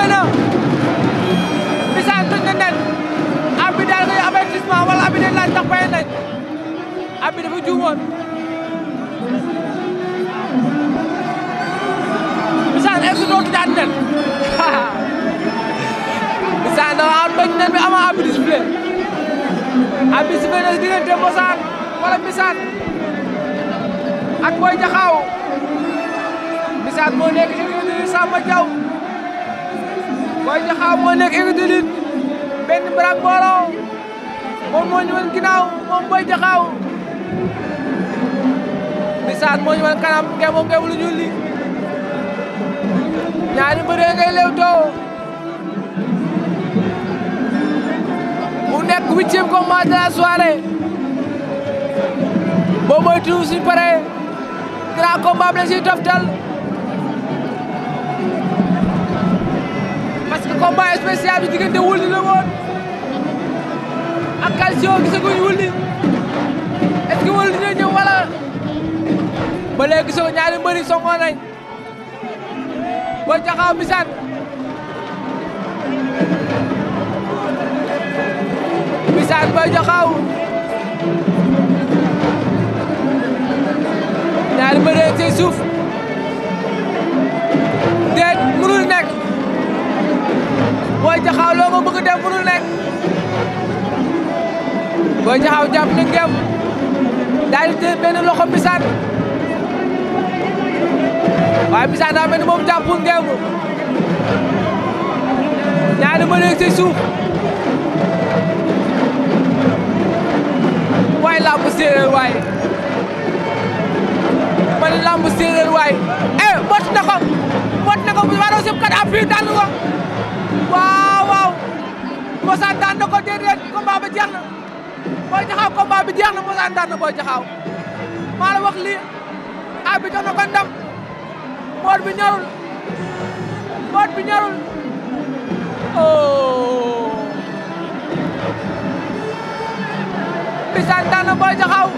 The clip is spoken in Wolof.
sifflé na Bisaan nen arbitre daal koy avertissement wala arbitre dañ laaj ndax fay nañ arbitre dafa juumoon Bisaan est-ce que dootu daan nen nen bi ama arbitre sifflé arbitre sifflé na si diggante Mosaan wala Bisaan ak Boy Jaxaaw Bisaan moo nekk ci diggante Samba Diaw Boy Diakha moo nekk écurie benn Brak Mbolo moo ñu wan ginnaaw moom Boy Diakha ndeysaan moo ñu wan kanam ngeen moom ngeen lu ñuul ñaari mbër yi too mu nekk huitième combat de la soirée boo moytu suñu paree grand combat bi la siy toftal spécial bi diggante wulli la woon ak Calcio gisaguñ wulli est wulli dina ñëw wala ba léegi gisoo ñaari nañ Boy Diakhao Mbissane Mbissane Boy Diakhao ñaari mbëri suuf bëgg def mënul nekk Boy Jaxaw jàpp na ngem loxo Mbissane waaye Mbissane daa mel ni moom jàppul ngem waaye làmb séeréer waaye man làmb séeréer waaye eh mot na ko mot na bu ma doon sëb kat ab Moussa daan na ko déedéet combat bi jeex na Boy Jaxaaw combat bi jeex na Moussa daan na Boy Jaxaaw maa la wax lii a bi jox na ko ndam mboot bi ñorul mboot bi ñorul oh Bisaan daan na Boy Jaxaaw